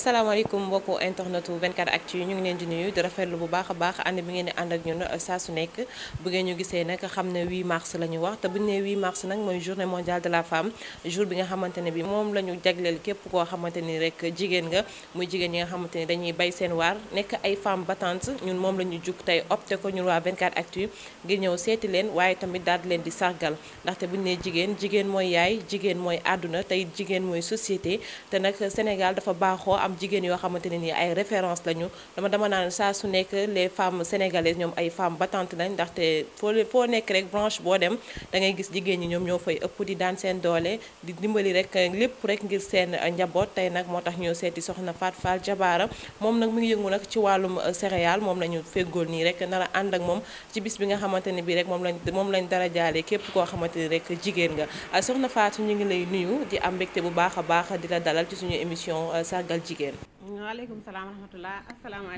asalaamaaleykum mbokku internetu 24 actu yi ñu ngi leen di nuyu di rafetlu bu baax a baax ànd bi ngeen di ànd ak ñun euh, su nekk bu ngeen ñu gisee nag xam ne 8 mars la ñu wax te bu ñu nee 8 mars nag mooy journée mondiale de la femme jour bi nga xamante ne bi moom la ñu jagleel képp koo xamante ni rek jigéen nga muy jigéen ñi nga xamante ni dañuy bay seen waar nekk ay femme batant ñun moom la ñu jug tey opté ko ñun waa 24 actu ngir ñëw seeti leen waaye tamit daal di leen di sargal ndaxte bu ñu nee jigéen jigéen mooy yaay jigéen mooy àdduna tey jigéen mooy société te nag Sénégal dafa baaxoo am jigéen yoo xamante ne nii ay référence lañu dama dama naan saa su nekk les femmes sénégalaises ñoom ay femmes battantes lañ ndaxte foo foo nekk rek branche boo dem da ngay gis jigéen ñi ñoom ñoo fay ëpp di daan seen doole di dimbali rek lépp rek ngir seen njaboot tey nag moo tax ñoo seeti soxna Fat Fall Diabara moom nag mi ngi yëngu nag ci wàllum céréales moom la ñu féggool nii rek nar a ànd ak moom ci bis bi nga ne bii rek moom lañ moom lañ dara jaale képp koo xamante ni rek jigéen nga soxna Fatou ñu ngi lay nuyu di am mbégte bu baax a baax di la dalal ci suñu émission sargal jigéen Kelle. waaleykum salaam wa rahmatulah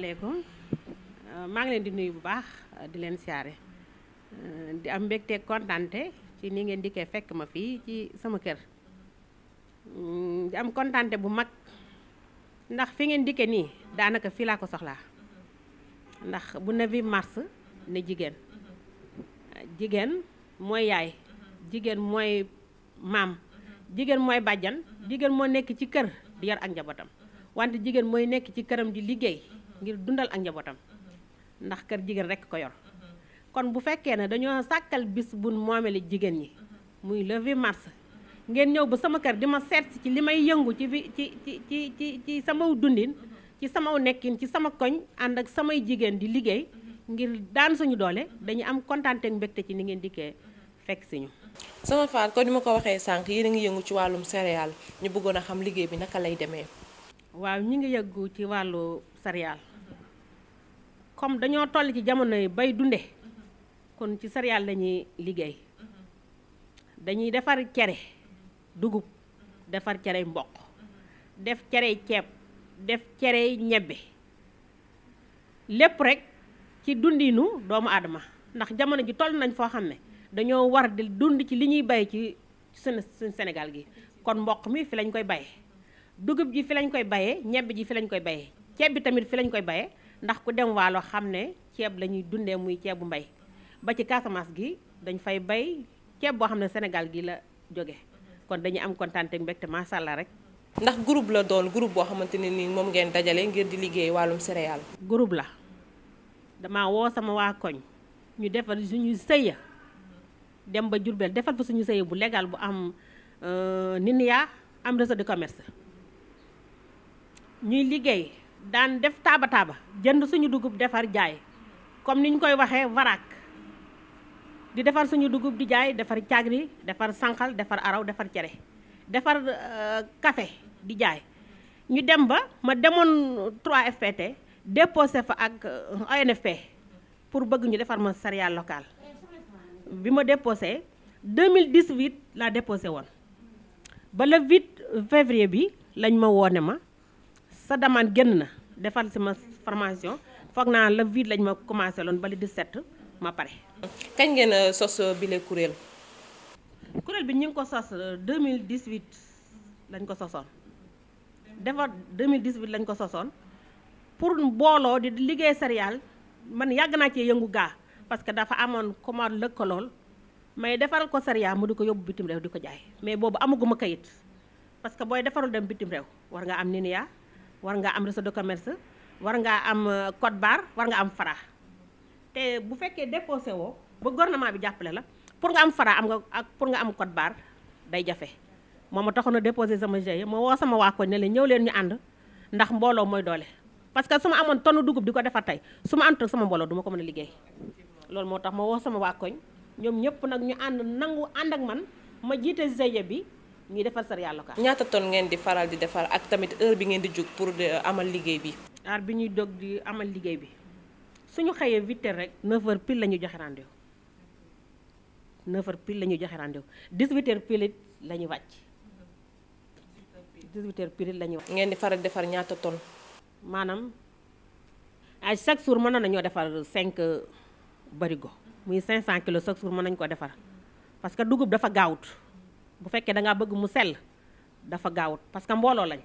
euh, maa ngi leen di nuyu bu baax euh, di leen siyaare euh, di am mbégte kontante ci ni ngeen dikkee fekk ma fii ci sama kër hmm, di am kontante bu mag ndax fi ngeen dikke nii daanaka fii laa ko soxlaa ndax bu ne bi mars ne jigéen jigéen mooy yaay jigéen mooy maam jigéen mooy bàjjan jigéen moo nekk ci kër di yor ak njabootam. wante jigéen mooy nekk ci këram di liggéey ngir dundal ak njabootam ndax kër jigéen rekk ko yor kon bu fekkee ne dañoo sàkkal bis bu moomeli jigéen ñi muy le 8 mars ngeen ñëw ba sama kër di ma seet ci li may yëngu ci ci ci ci ci samaw dundin ci samaw nekkin ci sama koñ ànd ak samay jigéen di liggéey ngir daan suñu doole dañu am kontaante ak mbégte ci ni ngeen dikkee fekk si ñu. sama faat kon ni ma ko waxee sànq yéen a ngi yëngu ci wàllum céréale ñu bëggoon a xam liggéey bi naka lay demee. waaw ñi ngi yëggu ci wàllu céréale comme dañoo toll ci jamono yi bay dunde kon ci céréale lañuy liggéey dañuy defar cere dugub defar cere mboq def cere ceeb def cere ñebbe lépp rek ci dundinu doomu aadama ndax jamono ji toll nañ foo xam ne dañoo war di dund ci li ñuy bay ci suñu Sénégal gi kon mboq mi fi lañ koy bay dugub ji fi lañ koy bayee ñebbe ji fi lañ koy baye ceeb bi tamit fi lañ koy bayee ndax ku dem waalo xam ne ceeb lañuy dundee muy ceebu mbay ba ci Casamance gi dañ fay bay ceeb boo xam ne Sénégal gi la jóge kon dañuy am kontaan ak mbégte macha allah rek. ndax groupe la doon groupe boo xamante ne ni moom ngeen dajale ngir di liggéey wàllum céréales. groupe la dama woo sama waa koñ ñu defal suñu sëya dem ba Jurbel defal fa suñu sëya bu legal bu am euh, nit ya am réseau de commerce. ñuy liggéey daan def taaba taaba jënd suñu dugub defar jaay comme ni ñu koy waxee waraak di defar suñu dugub di jaay defar cagri defar sànqal defar araw defar cere defar kafe euh, di jaay ñu dem ba ma demoon 3FPT déposé fa ak ONFP euh, pour bëgg ñu defar ma céréale locale bi ma mille déposé 2018 laa déposé woon ba le 8 février bi lañ ma woone ma sa demande génn na defal si ma formation foog naa la vide lañ ma commencé loon ba le 17 ma pare. kañ ngeen a euh, sos euh, bile kuréel. kuréel bi ñu ngi ko sos 2018 euh, lañ ko sosoon defar 2018 lañ ko sosoon pour mbooloo di liggéey céréale man yàgg naa cee yëngu gaa parce que dafa amoon commande lëkkalool may defaral ko céréale mu di ko yóbbu bitim réew di ko jaay mais boobu amaguma kayit parce que booy defarul dem bitim réew war nga am niniyaa war ngaa am registre de commerce war ngaa am euh, code barre war nga am fara te bu fekkee déposé woo ba gouvernement bi jàppale la pour nga am fara am nga ak pour nga am code bar day jafe moo ma taxoon a déposé sama GIE ma woo sama waa koñ ne leen ñëw leen ñu ànd ndax mbooloo mooy doole parce que su ma amoon tonne dugub di ko defar tey su ma àndut ak sama mbooloo du ko mën a liggéey loolu moo tax ma woo sama waa koñ ñoom ñëpp nag ñu ànd nangu ànd ak man ma jiite GIE bi ñuy defar céréales locales. ñaata tonne ngeen di faral di defar ak tamit heure bi ngeen di jug pour euh, amal liggéey bi. heure bi ñuy dog di amal liggéey bi su ñu xëyee huit heures rek. neuf heures pile la ñuy joxe rendez pile la ñuy joxe rendez-vous dix la ñuy wàcc. dix-huit la ñuy wàcc. ngeen di faral di defar ñaata tonne. maanaam ay chaque jour mën nañoo defar cinq euh, barigo muy cinq cent kilos chaque jour mën nañ koo defar parce dugub dafa gaawut. bu fekkee da ngaa bëgg mu sell dafa gaawut parce que mbooloo lañ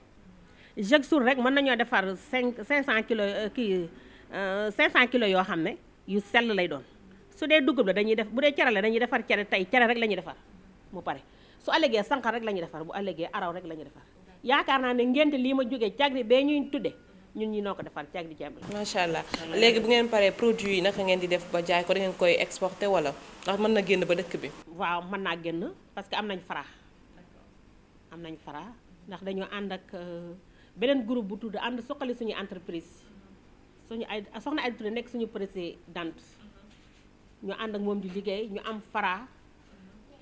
jeg sur rek mën nañoo defar cinq cinq cent kilos euh, kii euh, cinq cent kilos yoo xam ne yu sell lay doon su dee dugub la dañuy def bu dee cere la dañuy defar cere tey cere rek la ñuy defar mu pare su ëllëgee sànqar rek la ñuy defar bu ëllëgee araw rek la ñuy defar yaakaar naa ne ngénte lii ma jógee cagri bee ñuy tudde ñun ñi noo ko defal ci ak di jàmbale. macha allah léegi bu ngeen paree produit yi naka ngeen di def ba jaay ko da ngeen koy exporter wala ndax mën na génn ba dëkk bi. waaw mën naa génn parce que am nañ fara am nañ fara ndax dañoo ànd ak euh, beneen groupe bu tudd ànd suqali suñu entreprise suñu ay soxna ay Touré nekk suñu présidente ñu ànd ak moom di liggéey ñu am fara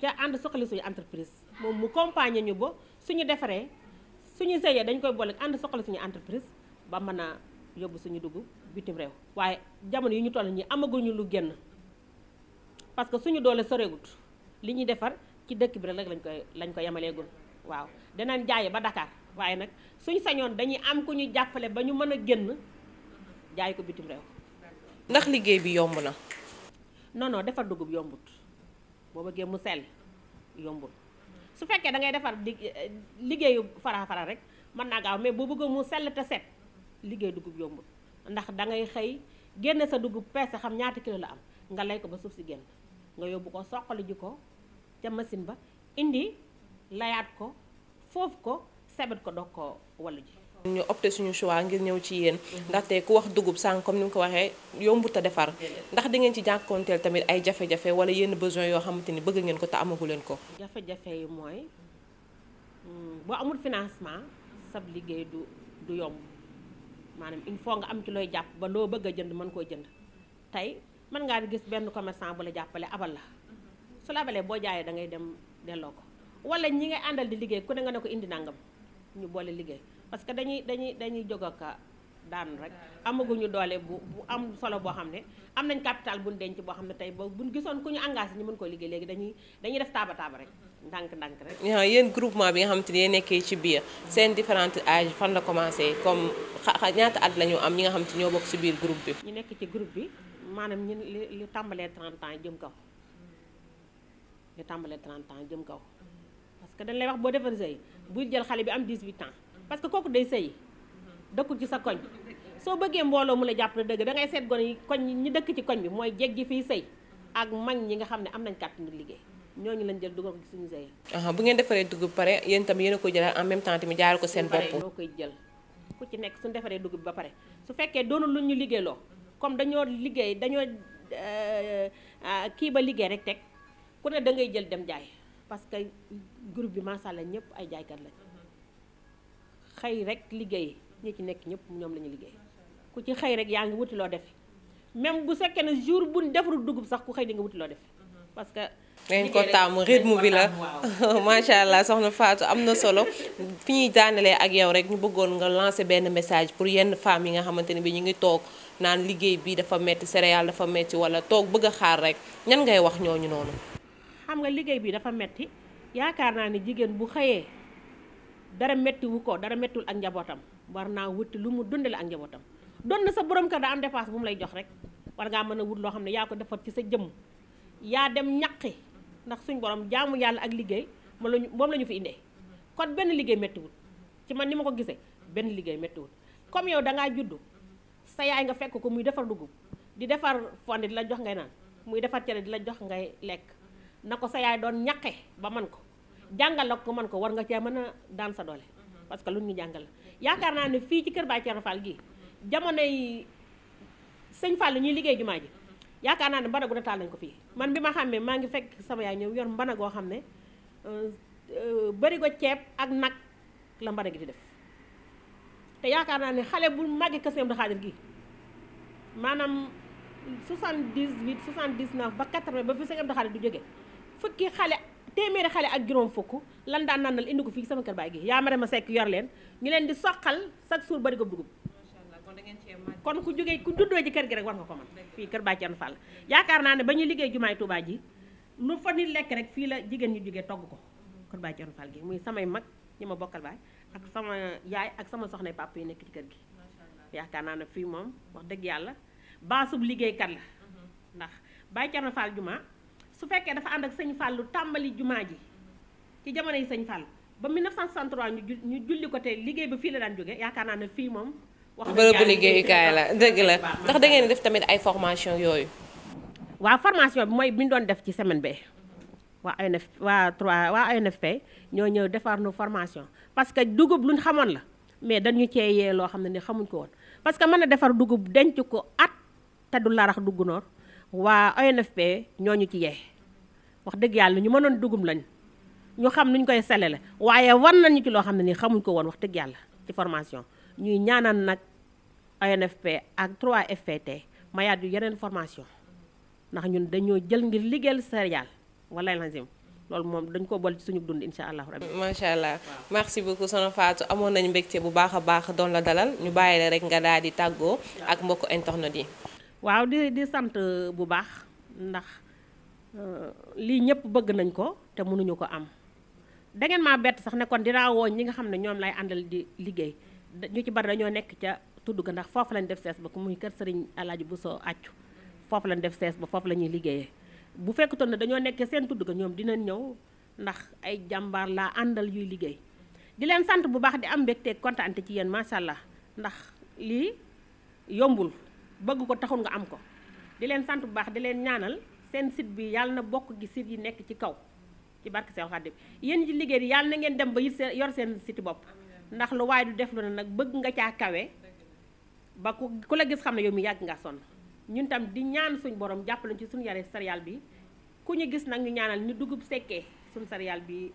ca ànd suqali suñu entreprise moom mu accompagner ñu ba suñu defaree suñu sëyee dañ koy boole ànd suqali suñu entreprise ba mën a yóbbu suñu dugub bitim réew waaye jamono yi ñu toll ñi amaguñu lu génn parce que suñu doole soreegut li ñuy defar ci dëkk bi rek lañ koy lañ ko yemaleegul waaw danañ jaaye ba Dakar waaye nag suñ sañoon dañuy am ku ñu jàppale ba ñu mën a génn jaay ko bitim réew. ndax liggéey bi yomb na. non non defar dugub yombut boo bëggee mu sell yombul su fekkee da ngay defar eh, liggéeyu fara fara rek mën naa gaaw mais boo bëggee mu sell te set. liggéey dugub yombul ndax da ngay xëy génne sa dugub peese xam ñaata kilo la am nga lay ko ba suuf si génn nga yóbbu ko soqali ji ko ca machine ba indi layaat ko foofu ko sebet ko doog ko wallu ji ñu opté suñu choix ngir ñëw ci yéen mhm. ndaxte ku wax dugub sànq comme ni nga ko waxee yombut a defar ndax di ngeen ci jànkoonteel tamit ay jafe-jafe wala yenn besoin yoo xamante ni bëgg ngeen ko te amagu leen ko jafe-jafe yi mooy mm, boo amul financement sab liggéey du du yomb maanaam il faut nga am ci looy jàpp ba loo bëgg a jënd man koo jënd tey mën ngaa gis benn commerçant bu la jàppale abal la su la abalee boo jaayee da ngay dem delloo ko wala ñi ngay àndal di liggéey ku ne nga ne ko indi nangam ñu boole liggéey parce que dañuy dañuy dañuy jóg ak daanu rek amaguñu doole bu bu am solo boo xam ne am nañ capital buñ denc boo xam ne tey boo buñ gisoon ku ñu engagé ñu mën koo liggéey léegi dañuy dañuy def taaba taaba rek ndànk ndànk rek. yéen groupement bi nga xamante ni yéen nekkee ci biir seen différentes âge fan la commencé comme xa ñaata at la ñu am ñi nga si ñoo bokk ci biir groupe bi. ñu nekk ci groupe bi maanaam ñun li li tàmbalee 30 ans jëm kaw ñu tàmbalee 30 ans jëm kaw parce que dañ lay wax boo defar sëy jël xale bi am 18 ans parce que kooku day sëy dëkkul ci sa koñ soo bëggee mbooloo mu la jàppale dëgg dangay ngay seet gone yi koñ ñi dëkk ci koñ bi mooy jeg gi fiy sëy ak mag ñi nga xam ne am nañ kàttan ngir liggéey ñooñu lañ jël dugal ko ci suñu sëy bu ngeen defaree dugub pare yéen tam yéen a koy jëlaat en même temps tamit jaarale ko seen bopp ñoo koy jël ku ci nekk suñu defaree dugub ba pare su fekkee doonul lu ñu liggéeyloo comme dañoo liggéey dañoo euh, euh, kii ba liggéey rek teg ku ne da ngay jël dem jaay parce que groupe bi macha allah ñëpp ay jaaykat lañ xëy rek liggéey ñi nekk ñëpp ñoom la ñu liggéey ku ci xëy rek yaa ngi wuti loo def même bu fekkee ne jour buñ defarul dugub sax ku xëy di nga wuti loo def parce que. ngeen ko taamu rythme bi la macha allah soxna Fatou am na solo fi ñuy daanelee ak yow rek ñu bëggoon nga lancer benn message pour yenn femmes yi nga xamante ne bi ñu ngi toog naan liggéey bi dafa metti céréale dafa metti wala toog bëgg a xaar rek ñan ngay wax ñooñu noonu. xam nga liggéey bi dafa metti yaakaar naa ne jigéen bu xëyee dara metti ko dara mettiwul ak njabootam. war naa wuti lu mu dundale ak njabootam doon na sa borom kër daa am dépense bu mu lay jox rek war ngaa mën a wut loo xam ne yaa ko defar ci sa jëmm yaa dem ñaqi ndax suñ borom jaamu yàlla ak liggéey moom lañu moom la ñu fi indee kon benn liggéey méttiwul ci man ni ma ko gisee benn liggéey méttiwul comme yow da ngaa juddu sa yaay nga fekk ko muy defar dugub di defar fonde di la jox ngay naan muy defar cere di la jox ngay lekk na ko sa yaay doon ñaqe ba man ko jàngal la ko man ko war nga cee mën a daan sa doole parce que lu ñu jàngal yaakaar naa ne fii ci kër Baye Thierno Fall gii jamonoy sëñ Fall ñuy liggéey jumaa ji yaakaar naa ne mbana gu taal nañ ko fii man bi ma xàmmee maa ngi fekk sama yaay ñëw yor mbana goo xam ne euh, euh, barigo ceeb ak nag la mbana gi di def te yaakaar naa ni xale bu màggi kër Sëñ Xaadir gi maanaam 78 79 ba 80 ba fi Sëñ Xaadir du jóge fukki xale téeméeri xale ak juróom fukk lan daan nandal indi ko fii sama kër baay gi yaa ma dem a sekk yor leen ñu leen di soqal chaque jour bari ko dugub kon ku jógee ku juddoo ci kër gi rek war nga ko mën fii kër baay ci an Fall yaakaar naa ba ñuy liggéey jumaay Touba ji lu fa nit lekk rek fii la jigéen ñi jógee togg ko kër baay ci an gi muy samay mag ñi ma bokkal baay ak sama yaay ak sama soxna papa yi nekk ci kër gi yaakaar naa ne fii moom wax dëgg yàlla baasub liggéeykat la mhm. ndax baay ci an Fall su fekkee dafa ànd ak sëñ Fallou tàmbali jumaa ji ci jamono yi sëñ Fallou ba 1963 ñu ñu julli ko te liggéey ba fii la daan jóge yaakaar naa ne fii moom. wax bërëbu liggéeyukaay la dëgg la ndax da def tamit ay formation yooyu. waaw formation bi mooy bi ñu doon def ci semaine bi waa ay ONF waa 3 waa ay ONFP ñoo ñëw defar nu formation parce que dugub luñ xamoon la mais dañu cee yee loo xam ne ni xamuñ ko woon parce que mën a defar dugub denc ko at te du larax dugg noor. waa ONFP ñooñu ci yee wax dëgg yàlla ñu mënoon dugum lañ ñu xam nuñ koy selele waaye war nañu ci loo xam ne nii xamuñ ko woon wax dëgg yàlla ci formation ñuy ñaanal nag ONFP ak trois fpt mayaat yu yeneen formation ndax ñun dañoo jël ngir liggéeyal Sénégal wala lazim loolu moom dañ ko boole ci suñu dund incha allah rabbi macha allah merci beaucoup sono Fatou amoon nañu mbégte bu baax a baax doon la dalal ñu bàyyi la rek nga daal di tàggoo ak mbokk internet yi waaw di di sant bu baax ndax euh, lii ñëpp bëgg nañ ko te mënuñu ko am dangeen ma bett sax nekkoon dinaa woo ñi nga xam ne ñoom lay àndal di liggéey ñu ci bari dañoo nekk ca tudd ga ndax foofu lañ def sees ba muy kër sëriñ Alaaji Buso Accu foofu lañ def sees ba foofu la ñuy liggéeyee bu fekkutoon ne dañoo nekk seen tudd ga ñoom dina ñëw ndax ay jàmbaar laa àndal yuy liggéey di leen sant bu baax di am mbégte kontaante ci yéen macha allah ndax lii yombul bëgg ko taxul nga am ko di leen sant bu baax di leen ñaanal seen site bi yàlla na bokk gi site yi nekk ci kaw ci barke Seex Xaadim yéen ci liggéey yi yàlla na ngeen dem ba yit seen yor seen siti bopp ndax lu waaye du def lu ne nag bëgg nga caa kawe ba ku ku la gis xam ne yow mi yàgg nga sonn ñun tam di ñaan suñ borom jàppale ci suñu yare céréale bi ku ñu gis nag ñu ñaanal ñu dugub sekkee suñu céréale bi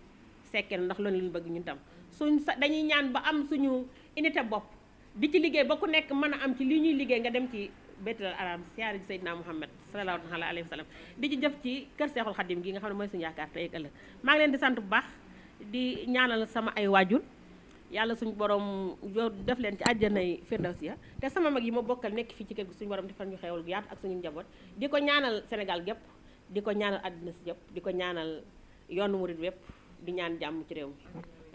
sekkee ndax loolu lañu bëgg ñu tam suñ sa dañuy ñaan ba am suñu unité bopp di ci liggéey ba ku nekk mën a am ci li ñuy liggéey nga dem ci baytul haram siyaare ji Seydina Muhammad sallallahu alayhi wa sallam di ci jëf ci kër Seexul Xadim gi nga xam ne mooy suñu yaakaar tey ak ëllëg maa ngi leen di sant bu baax di ñaanal sama ay waajur yàlla suñu borom yoo def leen ci àjjanay firdawsi ya te sama mag yi ma bokkal nekk fii ci kër gi suñu borom defal ñu xewal gu yaatu ak suñu njaboot di ko ñaanal Sénégal gépp di ko ñaanal àddina si yëpp di ko ñaanal yoonu murid wépp di ñaan jàmm ci réew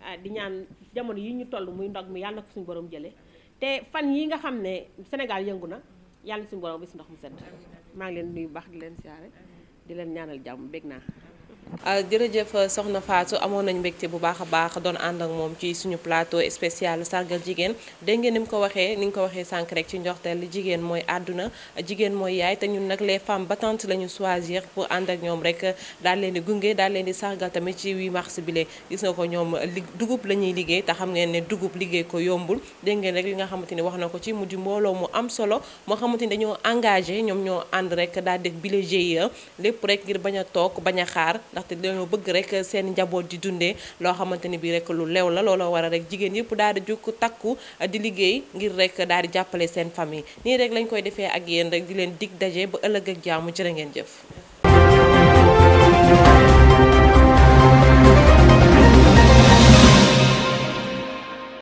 ah, jamono yi ñu toll muy ndog mi yàlla ko suñu borom jëlee te fan yi nga xam ne Sénégal yëngu na yàlla si borom bi su ndox mu sedd maa ngi leen nuyu baax di leen siyaare di leen ñaanal jàmm bég naa Euh, jërëjëf euh, soxna Fatou amoon nañ mbégte bu baax a baax doon ànd ak moom ci suñu plateau spécial sargal jigéen dégg ngeen ni mu ko waxee ni nga ko waxee sànq rek ci njoxteel jigéen mooy àdduna jigéen mooy yaay te ñun nag les femmes battantes lañu ñu choisir pour ànd ak ñoom rek daal leen di gunge daal leen di sargal tamit ci 8 mars bi lee gis nga ko ñoom euh, li dugub lañuy liggéey te xam ngeen ne dugub liggéey ko yombul dégg ngeen rek li nga xamante ni wax na ko ci mu mbooloo mu am solo moo xamante ni dañoo engagé ñoom ñoo ànd rek daal di bile GIE lépp rek ngir bañ a toog bañ a xaar ndaxte dañoo bëgg rek seen njaboot di dundee loo xamante ni bi rek lu lew la looloo waral rek jigéen yëpp daal di jukk takku eh, di liggéey ngir rek daal di jàppale seen famille nii rek lañ koy defee ak yéen rek di leen dig daje ba ëllëg ak jaamu jërë ngeen jëf